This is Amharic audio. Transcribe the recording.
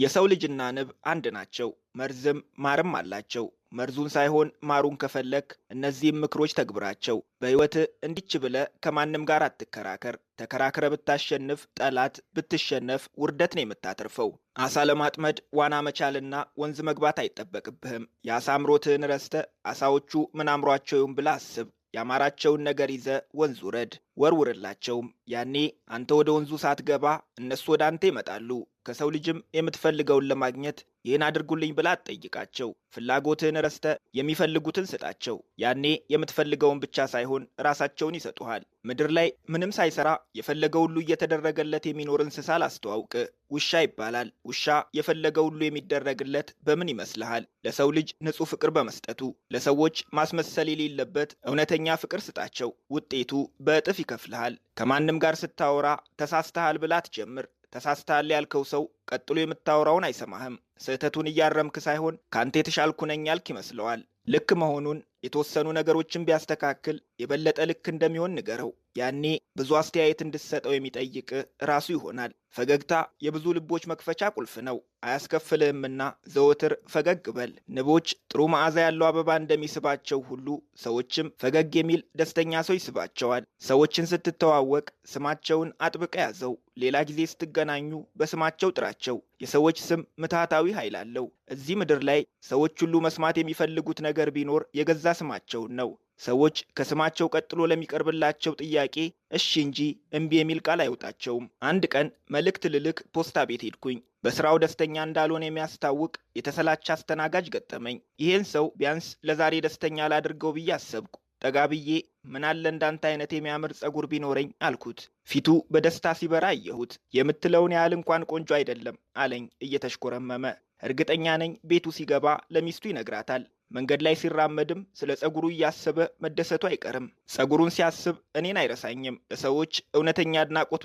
የሰው ልጅና ንብ አንድ ናቸው፣ መርዝም ማርም አላቸው። መርዙን ሳይሆን ማሩን ከፈለክ እነዚህም ምክሮች ተግብራቸው። በሕይወት እንዲች ብለ ከማንም ጋር አትከራከር። ተከራክረ ብታሸንፍ ጠላት፣ ብትሸነፍ ውርደት ነው የምታተርፈው። አሳ ለማጥመድ ዋና መቻልና ወንዝ መግባት አይጠበቅብህም። የአሳ አምሮትህን ረስተ አሳዎቹ ምን አምሯቸው ይሁን ብለ አስብ። ያማራቸውን ነገር ይዘ ወንዙ ውረድ፣ ወርውርላቸውም። ያኔ አንተ ወደ ወንዙ ሳትገባ እነሱ ወደ አንተ ይመጣሉ። ከሰው ልጅም የምትፈልገውን ለማግኘት ይህን አድርጉልኝ ብላ አትጠይቃቸው። ፍላጎትህን ረስተ የሚፈልጉትን ስጣቸው። ያኔ የምትፈልገውን ብቻ ሳይሆን ራሳቸውን ይሰጡሃል። ምድር ላይ ምንም ሳይሰራ የፈለገ ሁሉ እየተደረገለት የሚኖር እንስሳ ላስተዋውቅ፣ ውሻ ይባላል። ውሻ የፈለገ ሁሉ የሚደረግለት በምን ይመስልሃል? ለሰው ልጅ ንጹህ ፍቅር በመስጠቱ። ለሰዎች ማስመሰል የሌለበት እውነተኛ ፍቅር ስጣቸው። ውጤቱ በእጥፍ ይከፍልሃል። ከማንም ጋር ስታወራ ተሳስተሃል ብላ አትጀምር። ተሳስተሃል ያልከው ሰው ቀጥሎ የምታወራውን አይሰማህም። ስህተቱን እያረምክ ሳይሆን ከአንተ የተሻልኩ ነኝ ያልክ ይመስለዋል። ልክ መሆኑን የተወሰኑ ነገሮችን ቢያስተካክል የበለጠ ልክ እንደሚሆን ንገረው። ያኔ ብዙ አስተያየት እንድትሰጠው የሚጠይቅ ራሱ ይሆናል። ፈገግታ የብዙ ልቦች መክፈቻ ቁልፍ ነው፣ አያስከፍልህምና ዘወትር ፈገግ በል። ንቦች ጥሩ መዓዛ ያለው አበባ እንደሚስባቸው ሁሉ ሰዎችም ፈገግ የሚል ደስተኛ ሰው ይስባቸዋል። ሰዎችን ስትተዋወቅ ስማቸውን አጥብቀ ያዘው። ሌላ ጊዜ ስትገናኙ በስማቸው ጥራቸው። የሰዎች ስም ምትሃታዊ ኃይል አለው። እዚህ ምድር ላይ ሰዎች ሁሉ መስማት የሚፈልጉት ነገር ቢኖር የገዛ ስማቸውን ነው። ሰዎች ከስማቸው ቀጥሎ ለሚቀርብላቸው ጥያቄ እሺ እንጂ እምቢ የሚል ቃል አይወጣቸውም። አንድ ቀን መልእክት ልልክ ፖስታ ቤት ሄድኩኝ። በስራው ደስተኛ እንዳልሆነ የሚያስታውቅ የተሰላቸ አስተናጋጅ ገጠመኝ። ይሄን ሰው ቢያንስ ለዛሬ ደስተኛ ላድርገው ብዬ አሰብኩ። ጠጋ ብዬ ምናለ እንዳንተ አይነት የሚያምር ጸጉር ቢኖረኝ አልኩት። ፊቱ በደስታ ሲበራ አየሁት። የምትለውን ያህል እንኳን ቆንጆ አይደለም አለኝ እየተሽኮረመመ። እርግጠኛ ነኝ ቤቱ ሲገባ ለሚስቱ ይነግራታል። መንገድ ላይ ሲራመድም ስለ ጸጉሩ እያሰበ መደሰቱ አይቀርም። ጸጉሩን ሲያስብ እኔን አይረሳኝም። ለሰዎች እውነተኛ አድናቆት